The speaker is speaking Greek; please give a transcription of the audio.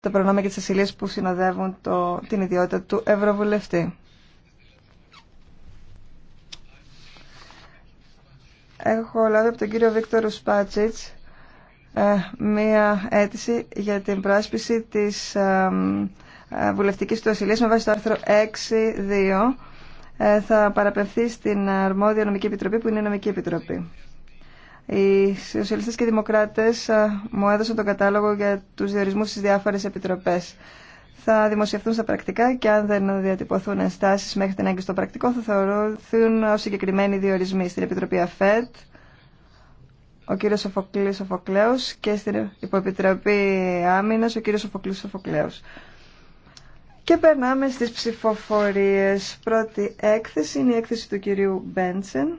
τα προνόμια και τις ασυλίες που συνοδεύουν το, την ιδιότητα του Ευρωβουλευτή. Έχω λάβει από τον κύριο Βίκτορ Σπάτσιτς ε, μία αίτηση για την πράσπιση της ε, ε, βουλευτικής του ασυλίας με βάση το άρθρο 6.2 ε, θα παραπευθεί στην αρμόδια νομική επιτροπή που είναι η νομική επιτροπή. Οι σοσιαλιστές και οι δημοκράτες μου έδωσαν τον κατάλογο για τους διορισμούς στις διάφορες επιτροπές. Θα δημοσιευτούν στα πρακτικά και αν δεν διατυπωθούν ενστάσεις μέχρι την έγκριση των πρακτικό θα θεωρούν ως συγκεκριμένοι διορισμοί στην Επιτροπή ΑΦΕΤ, ο κύριος Σοφοκλής Σοφοκλέος και στην Υποεπιτροπή Άμυνας ο κύριος Σοφοκλής Σοφοκλέος. Και περνάμε στις ψηφοφορίες. Πρώτη έκθεση είναι η έκθεση του κυρίου Μπέντσεν.